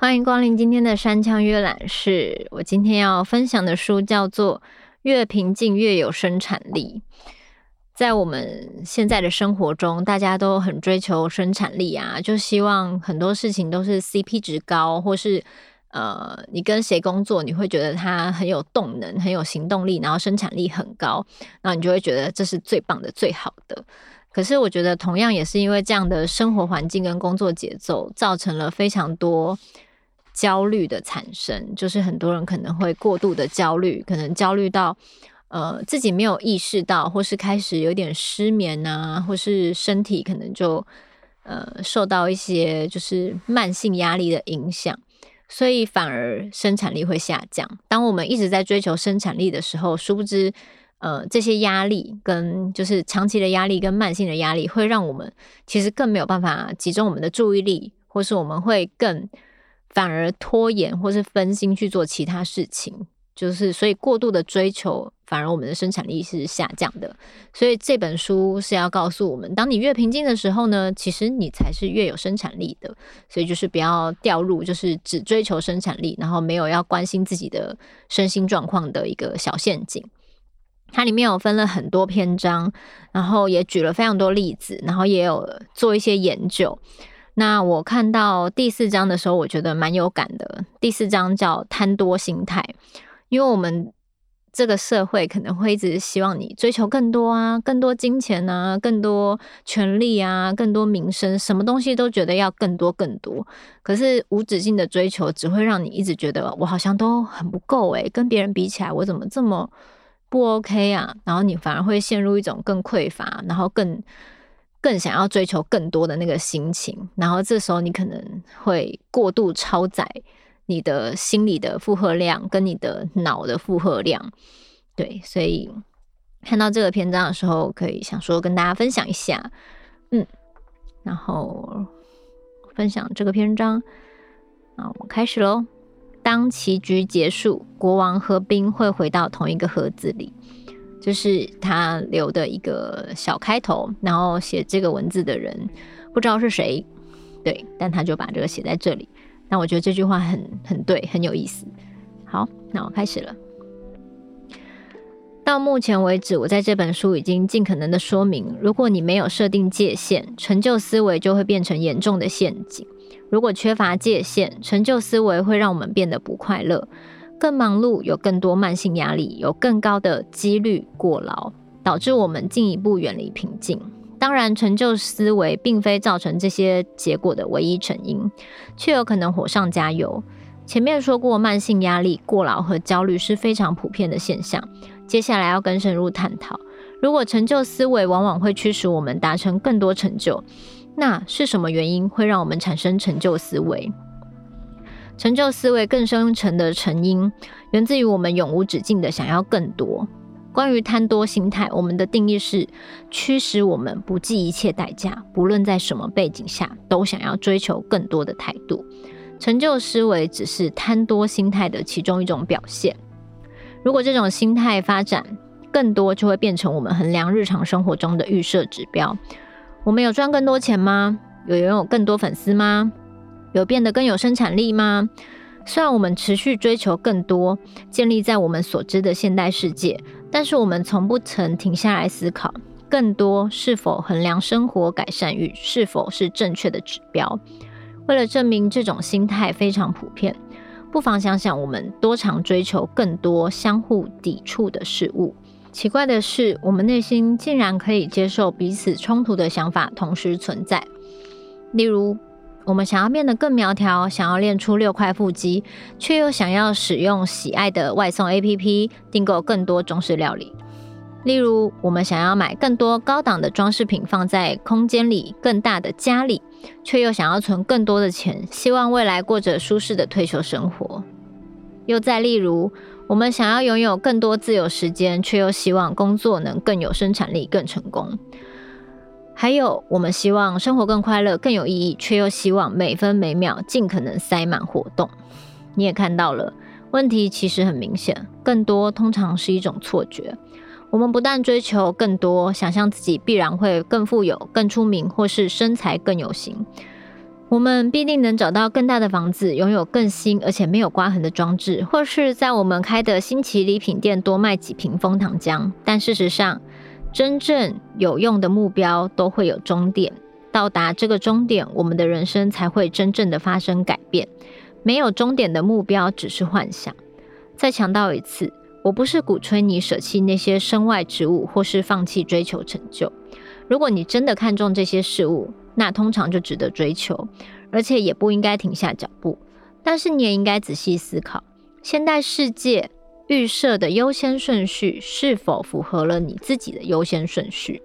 歡迎光臨今天的山羌閱覽室。我今天要分享的書叫做《愈平靜愈有生產力》。在我們現在的生活中，大家都很追求生產力啊，就希望很多事情都是 CP 值高，或是。呃，你跟誰工作，你會覺得他很有動能，很有行動力，然後生產力很高，那你就會覺得這是最棒的、最好的。可是，我覺得同樣也是因為這樣的生活環境跟工作節奏，造成了非常多焦慮的產生。就是很多人可能會過度的焦慮，可能焦慮到呃自己沒有意識到，或是開始有點失眠啊，或是身體可能就呃受到一些就是慢性壓力的影響。所以反而生產力會下降，當我們一直在追求生產力的時候，殊不知，呃，這些壓力跟就是長期的壓力跟慢性的壓力，會讓我們其實更沒有辦法集中我們的注意力，或是我們會更反而拖延或是分心去做其他事情。就是，所以過度的追求，反而我們的生產力是下降的。所以這本書是要告訴我們，當你越平靜的時候呢，其實你才是越有生產力的。所以就是不要掉入，就是只追求生產力，然後沒有要關心自己的身心狀況的一個小陷阱。它裡面有分了很多篇章，然後也舉了非常多例子，然後也有做一些研究。那我看到第四章的時候，我覺得蠻有感的。第四章叫“貪多心態”。因為我們這個社會可能會一直希望你追求更多啊，更多金錢啊，更多權利啊，更多名聲，什麼東西都覺得要更多更多。可是無止境的追求只會讓你一直覺得我好像都很不夠誒、欸，跟別人比起來我怎麼這麼不 OK 啊？然後你反而會陷入一種更匱乏，然後更更想要追求更多的那個心情，然後這時候你可能會過度超載。你的心裡的負荷量跟你的腦的負荷量，對，所以看到這個篇章的時候，可以想說跟大家分享一下，嗯，然後分享這個篇章那、啊、我們開始嘍。當棋局結束，國王和兵會回到同一個盒子裡，就是他留的一個小開頭。然後寫這個文字的人不知道是誰，對，但他就把這個寫在這裡。那我覺得這句話很很對，很有意思。好，那我開始了。到目前為止，我在這本書已經盡可能的說明，如果你沒有設定界限，成就思維就會變成嚴重的陷阱。如果缺乏界限，成就思維會讓我們變得不快樂，更忙碌，有更多慢性壓力，有更高的幾率過勞，導致我們進一步遠離平靜。當然，成就思維並非造成這些結果的唯一成因，卻有可能火上加油。前面說過，慢性壓力、過勞和焦慮是非常普遍的現象。接下來要更深入探討：如果成就思維往往會驅使我們達成更多成就，那是什麼原因會讓我們產生成就思維？成就思維更深層的成因，源自於我們永無止境的想要更多。關於貪多心態，我們的定義是驅使我們不計一切代價，不論在什麼背景下，都想要追求更多的態度。成就思維只是貪多心態的其中一種表現。如果這種心態發展更多，就會變成我們衡量日常生活中的預設指標。我們有賺更多錢嗎？有擁有更多粉絲嗎？有變得更有生產力嗎？雖然我們持續追求更多，建立在我們所知的現代世界。但是我們從不曾停下來思考，更多是否衡量生活改善與否是否是正確的指標？為了證明這種心態非常普遍，不妨想想我們多常追求更多相互抵觸的事物。奇怪的是，我們內心竟然可以接受彼此衝突的想法同時存在。例如，我們想要變得更苗條，想要練出六塊腹肌，卻又想要使用喜愛的外送 APP 訂購更多中式料理。例如，我們想要買更多高檔的裝飾品放在空間裡、更大的家裡，卻又想要存更多的錢，希望未來過着舒適的退休生活。又再例如，我們想要擁有更多自由時間，卻又希望工作能更有生產力、更成功。還有，我們希望生活更快樂、更有意義，卻又希望每分每秒盡可能塞滿活動。你也看到了，問題其實很明顯。更多通常是一種錯覺。我們不但追求更多，想象自己必然會更富有、更出名，或是身材更有型。我們必定能找到更大的房子，擁有更新而且沒有刮痕的裝置，或是在我們開的新奇禮品店多賣幾瓶蜂糖漿。但事實上，真正有用的目標都會有終點，到達這個終點，我們的人生才會真正的發生改變。沒有終點的目標只是幻想。再強調一次，我不是鼓吹你捨棄那些身外之物，或是放棄追求成就。如果你真的看重這些事物，那通常就值得追求，而且也不應該停下腳步。但是你也應該仔細思考，現代世界預設的優先順序是否符合了你自己的優先順序？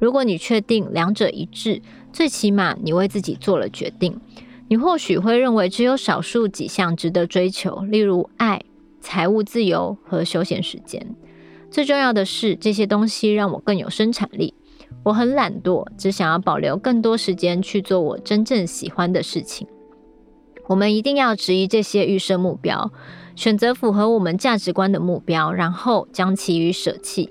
如果你確定兩者一致，最起碼你為自己做了決定。你或許會認為只有少數幾項值得追求，例如愛、財務自由和休閒時間。最重要的是，這些東西讓我更有生產力。我很懶惰，只想要保留更多時間去做我真正喜歡的事情。我們一定要質疑這些預設目標。選擇符合我們價值觀的目標，然後將其餘捨棄。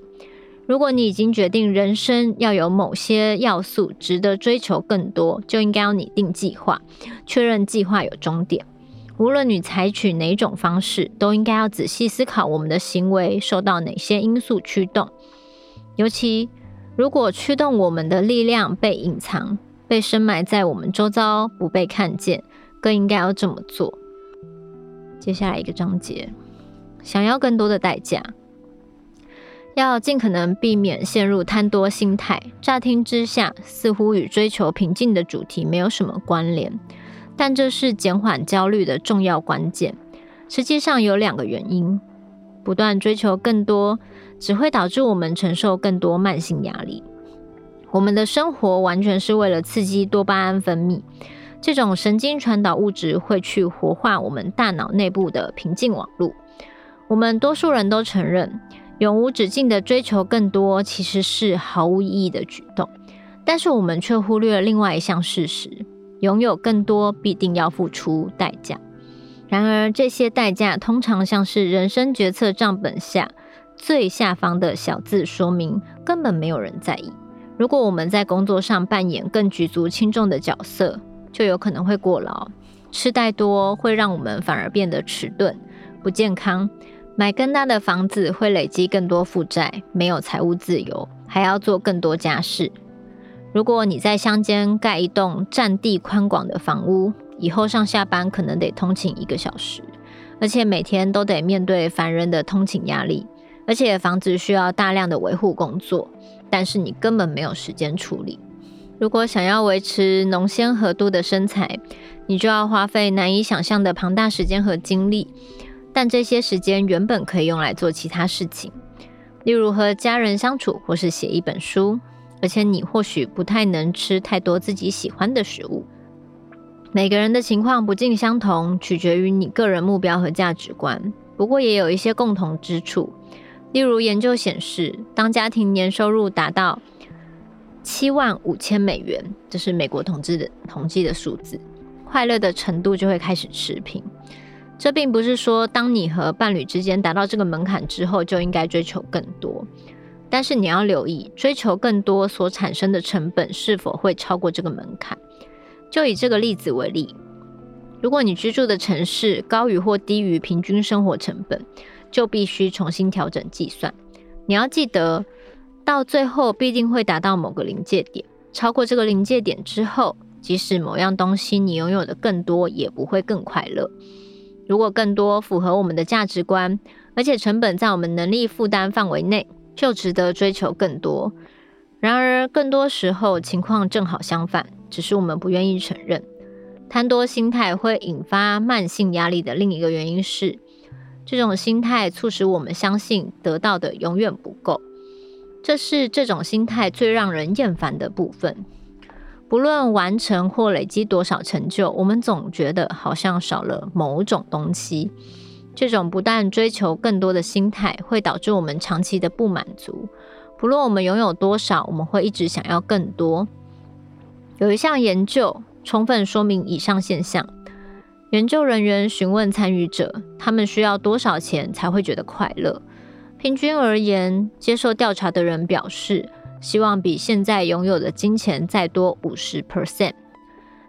如果你已經決定人生要有某些要素值得追求更多，就應該要擬定計劃，確認計劃有終點。無論你採取哪種方式，都應該要仔細思考我們的行為受到哪些因素驅動。尤其如果驅動我們的力量被隱藏、被深埋在我們周遭，不被看見，更應該要這麼做。接下來一個章節，想要更多的代價，要盡可能避免陷入貪多心態。乍聽之下，似乎與追求平靜的主題沒有什麼關聯，但這是減緩焦慮的重要關鍵。實際上有兩個原因：不斷追求更多，只會導致我們承受更多慢性壓力。我們的生活完全是為了刺激多巴胺分泌。這種神經傳導物質會去活化我們大腦內部的平靜網絡。我們多數人都承認，永無止境地追求更多其實是毫無意義的舉動。但是我們卻忽略了另外一項事實：擁有更多必定要付出代價。然而這些代價通常像是人生決策賬本下最下方的小字說明，根本沒有人在意。如果我們在工作上扮演更舉足輕重的角色，就有可能會過勞，吃太多會讓我們反而變得遲鈍、不健康。買更大的房子會累積更多負債，沒有財務自由，還要做更多家事。如果你在鄉間蓋一棟佔地寬廣的房屋，以後上下班可能得通勤一個小時，而且每天都得面對煩人的通勤壓力，而且房子需要大量的維護工作，但是你根本沒有時間處理。如果想要維持穠纖合度的身材，你就要花費難以想象的龐大時間和精力，但這些時間原本可以用來做其他事情，例如和家人相處，或是寫一本書。而且你或許不太能吃太多自己喜歡的食物。每個人的情況不盡相同，取決於你個人目標和價值觀。不過也有一些共同之處，例如研究顯示，當家庭年收入達到七萬五千美元，這是美國統計的統計的數字，快樂的程度就會開始持平。這並不是說，當你和伴侶之間達到這個門檻之後，就應該追求更多。但是你要留意，追求更多所產生的成本是否會超過這個門檻。就以這個例子為例，如果你居住的城市高於或低於平均生活成本，就必須重新調整計算。你要記得，到最後必定會達到某個臨界點，超過這個臨界點之後，即使某樣東西你擁有的更多，也不會更快樂。如果更多符合我們的價值觀，而且成本在我們能力負擔範圍內，就值得追求更多。然而，更多時候情況正好相反，只是我們不願意承認。貪多心態會引發慢性壓力的另一個原因是，這種心態促使我們相信得到的永遠不夠。這是這種心態最讓人厭煩的部分。不論完成或累積多少成就，我們總覺得好像少了某種東西。這種不斷追求更多的心態，會導致我們長期的不滿足。不論我們擁有多少，我們會一直想要更多。有一項研究充分說明以上現象。研究人員詢問參與者，他們需要多少錢才會覺得快樂。平均而言，接受調查的人表示希望比現在擁有的金錢再多五十 percent。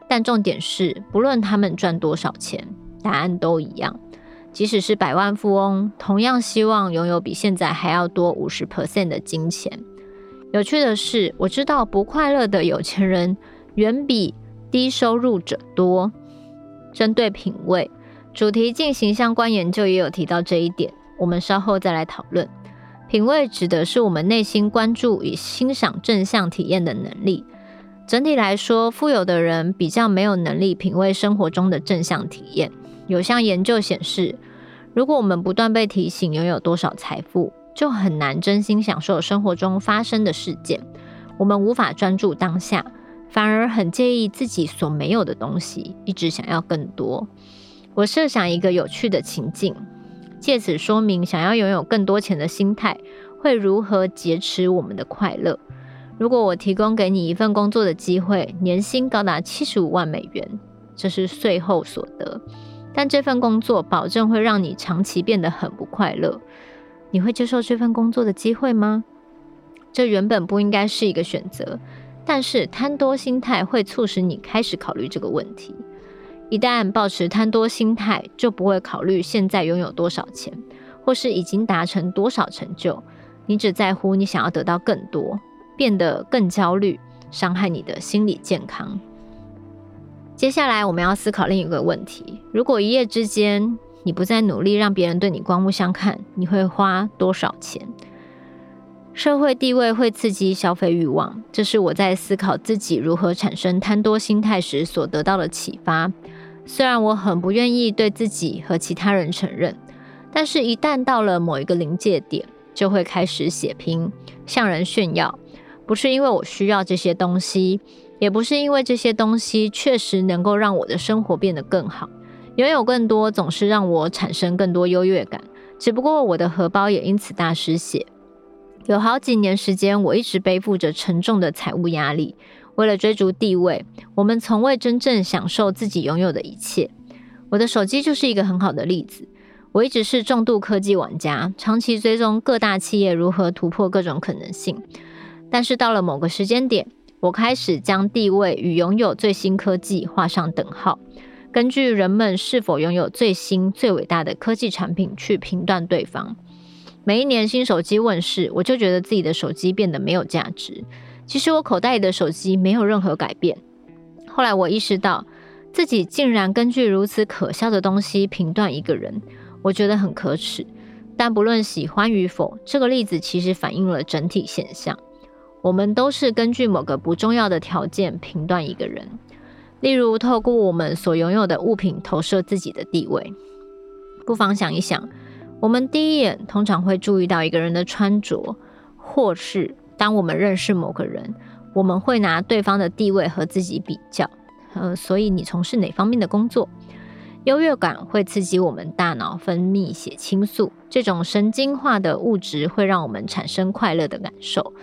但重點是，不論他們賺多少錢，答案都一樣。即使是百萬富翁，同樣希望擁有比現在還要多五十 percent 的金錢。有趣的是，我知道不快樂的有錢人遠比低收入者多。針對品味主題進行相關研究也有提到這一點。我們稍後再來討論。品味指的是我們內心關注與欣賞正向體驗的能力。整體來說，富有的人比較沒有能力品味生活中的正向體驗。有項研究顯示，如果我們不斷被提醒擁有多少財富，就很難真心享受生活中發生的事件。我們無法專注當下，反而很介意自己所沒有的東西，一直想要更多。我設想一個有趣的情境。借此說明，想要擁有更多錢的心態會如何劫持我們的快樂。如果我提供給你一份工作的機會，年薪高達七十五萬美元，這是稅後所得。但這份工作保證會讓你長期變得很不快樂，你會接受這份工作的機會嗎？這原本不應該是一個選擇，但是貪多心態會促使你開始考慮這個問題。一旦保持貪多心態，就不會考慮現在擁有多少錢，或是已經達成多少成就。你只在乎你想要得到更多，變得更焦慮，傷害你的心理健康。接下來，我們要思考另一個問題：如果一夜之間你不再努力讓別人對你刮目相看，你會花多少錢？社會地位會刺激消費欲望，這是我在思考自己如何產生貪多心態時所得到的啟發。雖然我很不願意對自己和其他人承認，但是，一旦到了某一個臨界點，就會開始血拼，向人炫耀。不是因為我需要這些東西，也不是因為這些東西確實能夠讓我的生活變得更好，擁有更多總是讓我產生更多優越感。只不過我的荷包也因此大失血。有好幾年時間，我一直背負着沉重的財務壓力。為了追逐地位，我們從未真正享受自己擁有的一切。我的手機就是一個很好的例子。我一直是重度科技玩家，長期追蹤各大企業如何突破各種可能性。但是到了某個時間點，我開始將地位與擁有最新科技畫上等號，根據人們是否擁有最新最偉大的科技產品去評斷對方。每一年新手機問世，我就覺得自己的手機變得沒有價值。其實我口袋裡的手機沒有任何改變。後來我意識到，自己竟然根據如此可笑的東西評斷一個人，我覺得很可恥。但不論喜歡與否，這個例子其實反映了整體現象。我們都是根據某個不重要的條件評斷一個人，例如透過我們所擁有的物品投射自己的地位。不妨想一想，我們第一眼通常會注意到一個人的穿着，或是……當我們認識某個人，我們會拿對方的地位和自己比較。呃，所以你從事哪方面的工作？優越感會刺激我們大腦分泌血清素，這種神經化的物質會讓我們產生快樂的感受。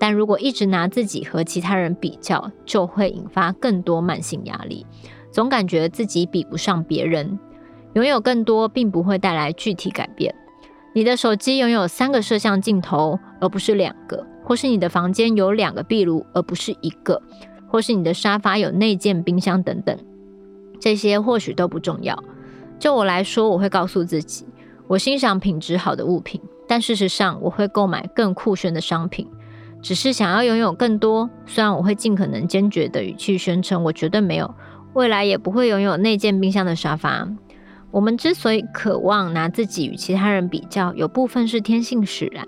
但如果一直拿自己和其他人比較，就會引發更多慢性壓力，總感覺自己比不上別人。擁有更多並不會帶來具體改變。你的手機擁有三個攝像鏡頭，而不是兩個。或是你的房間有兩個壁爐而不是一個，或是你的沙發有內建冰箱等等，這些或許都不重要。就我來說，我會告訴自己，我欣賞品質好的物品，但事實上我會購買更酷炫的商品，只是想要擁有更多。雖然我會盡可能堅決的語氣宣稱我絕對沒有，未來也不會擁有內建冰箱的沙發。我們之所以渴望拿自己與其他人比較，有部分是天性使然。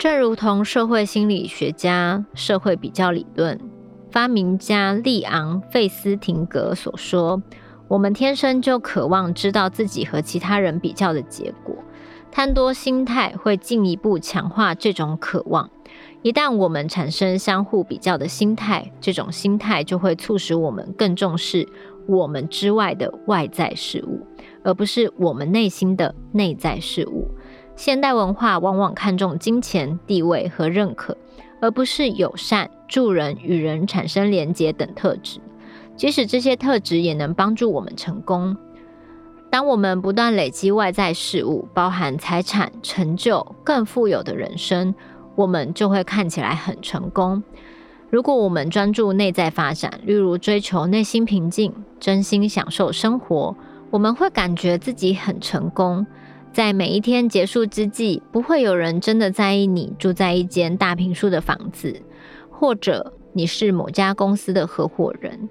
正如同社會心理學家、社會比較理論發明家利昂·費斯廷格所說，我們天生就渴望知道自己和其他人比較的結果。貪多心態會進一步強化這種渴望。一旦我們產生相互比較的心態，這種心態就會促使我們更重視我們之外的外在事物，而不是我們內心的內在事物。現代文化往往看重金錢、地位和認可，而不是友善、助人、與人產生連結等特質。即使這些特質也能幫助我們成功。當我們不斷累積外在事物，包含財產、成就、更富有的人生，我們就會看起來很成功。如果我們專注內在發展，例如追求內心平靜、真心享受生活，我們會感覺自己很成功。在每一天結束之際，不會有人真的在意你住在一間大坪數的房子，或者你是某家公司的合夥人。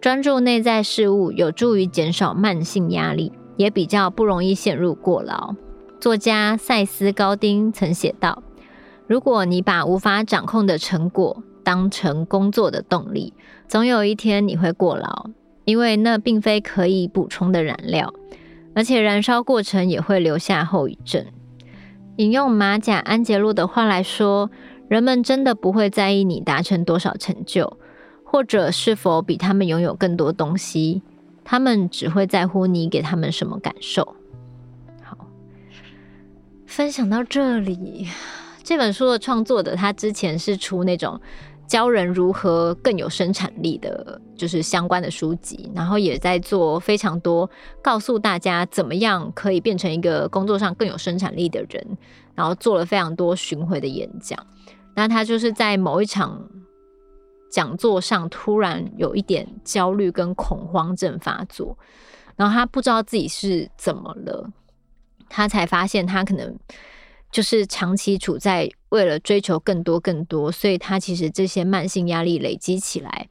專注內在事物有助於減少慢性壓力，也比較不容易陷入過勞。作家賽斯高丁曾寫道：“如果你把無法掌控的成果當成工作的動力，總有一天你會過勞，因為那並非可以補充的燃料。”而且燃燒過程也會留下後遺症。引用馬甲安傑洛的話來說，人們真的不會在意你達成多少成就，或者是否比他們擁有更多東西，他們只會在乎你給他們什麼感受。好，分享到這裡。這本書的創作者，他之前是出那種。教人如何更有生產力的，就是相關的書籍，然後也在做非常多告訴大家怎麼樣可以變成一個工作上更有生產力的人，然後做了非常多巡回的演講。那他就是在某一場講座上突然有一點焦慮跟恐慌症發作，然後他不知道自己是怎麼了，他才發現他可能。就是長期處在為了追求更多更多，所以他其實這些慢性壓力累積起來，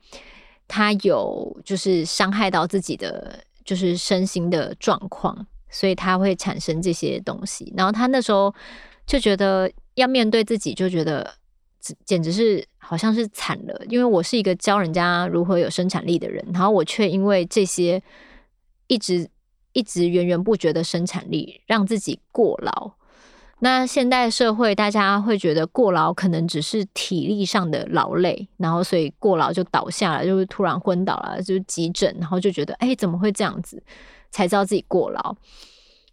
他有就是傷害到自己的就是身心的狀況，所以他會產生這些東西。然後他那時候就覺得要面對自己，就覺得簡直是好像是慘了。因為我是一個教人家如何有生產力的人，然後我卻因為這些一直一直源源不絕的生產力，讓自己過勞。那現代社會，大家會覺得過勞可能只是體力上的勞累，然後所以過勞就倒下了，就是突然昏倒了，就急診，然後就覺得誒、欸，怎麼會這樣子？才知道自己過勞。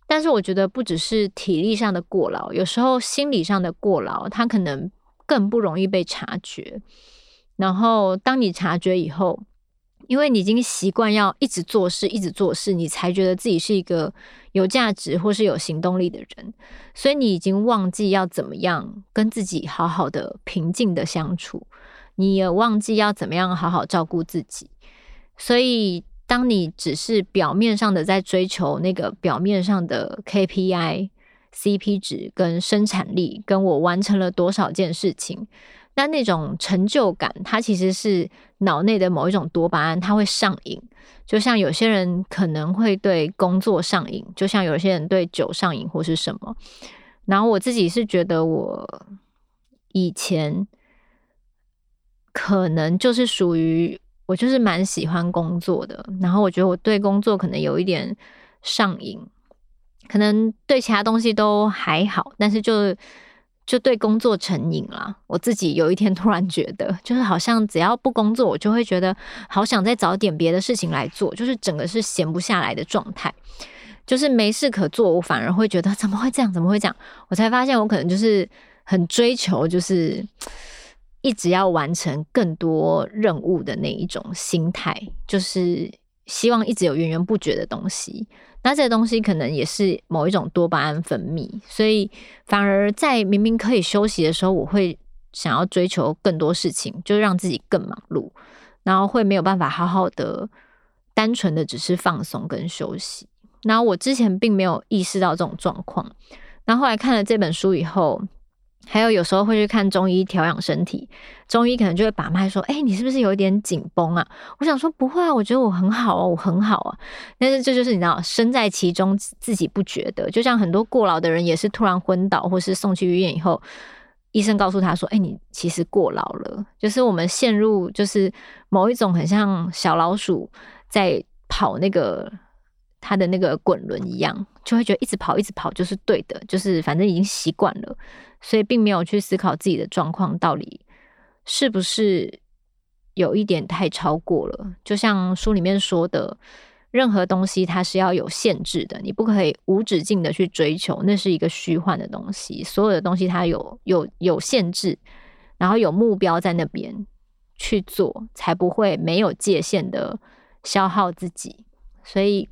但是我覺得不只是體力上的過勞，有時候心理上的過勞，它可能更不容易被察覺。然後當你察覺以後，因為你已經習慣要一直做事，一直做事，你才覺得自己是一個。有價值或是有行動力的人，所以你已經忘記要怎麼樣跟自己好好的平靜的相處，你也忘記要怎麼樣好好照顧自己。所以，當你只是表面上的在追求那個表面上的 KPI、CP 值跟生產力，跟我完成了多少件事情。但那種成就感，它其實是腦內的某一種多巴胺，它會上癮。就像有些人可能會對工作上癮，就像有些人對酒上癮或是什麼。然後我自己是覺得，我以前可能就是屬於我就是蠻喜歡工作的。然後我覺得我對工作可能有一點上癮，可能對其他東西都還好，但是就。就對工作成癮了。我自己有一天突然覺得，就是好像只要不工作，我就會覺得好想再找點別的事情來做。就是整個是閒不下來的狀態，就是沒事可做，我反而會覺得怎麼會這樣？怎麼會這樣？我才發現我可能就是很追求，就是一直要完成更多任務的那一種心態，就是。希望一直有源源不絕的東西，那這個東西可能也是某一種多巴胺分泌，所以反而在明明可以休息的時候，我會想要追求更多事情，就讓自己更忙碌，然後會沒有辦法好好的、單純的只是放鬆跟休息。然後我之前並沒有意識到這種狀況，然後後來看了這本書以後。還有有時候會去看中醫調養身體，中醫可能就會把脈說：“哎，你是不是有一點緊繃啊？”我想說：“不會啊，我覺得我很好啊，我很好啊。”但是這就是你知道，身在其中自己不覺得。就像很多過勞的人也是突然昏倒，或是送去醫院以後，醫生告訴他說：“哎，你其實過勞了。”就是我們陷入就是某一種很像小老鼠在跑那個它的那個滾輪一樣，就會覺得一直跑一直跑就是對的，就是反正已經習慣了。所以並沒有去思考自己的狀況到底是不是有一點太超過了。就像書裡面說的，任何東西它是要有限制的，你不可以無止境的去追求，那是一個虛幻的東西。所有的東西它有有有限制，然後有目標在那邊去做，才不會沒有界限的消耗自己。所以，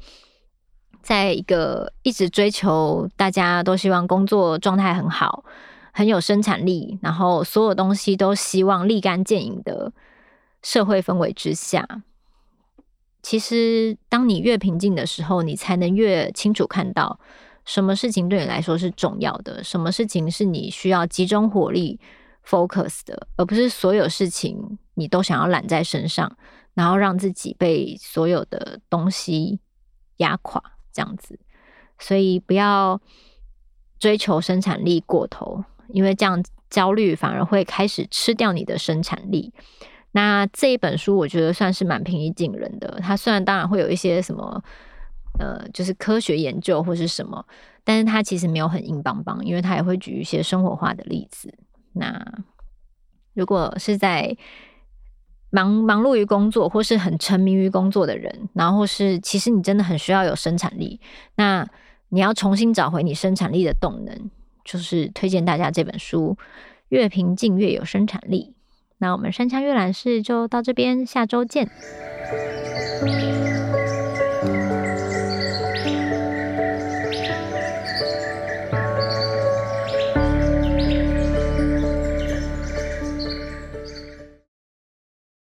在一個一直追求，大家都希望工作狀態很好。很有生產力，然後所有東西都希望立竿見影的社會氛圍之下，其實當你越平靜的時候，你才能越清楚看到什麼事情對你來說是重要的，什麼事情是你需要集中火力 focus 的，而不是所有事情你都想要攬在身上，然後讓自己被所有的東西壓垮這樣子。所以不要追求生產力過頭。因為這樣，焦慮反而會開始吃掉你的生產力。那這一本書我覺得算是蠻平易近人的。它雖然當然會有一些什麼，呃，就是科學研究或是什麼，但是它其實沒有很硬邦邦，因為它也會舉一些生活化的例子。那如果是在忙忙碌於工作或是很沉迷於工作的人，然後是其實你真的很需要有生產力，那你要重新找回你生產力的動能。就是推薦大家這本書，《越平靜越有生產力》。那我們山羌閱覽室就到這邊，下周見。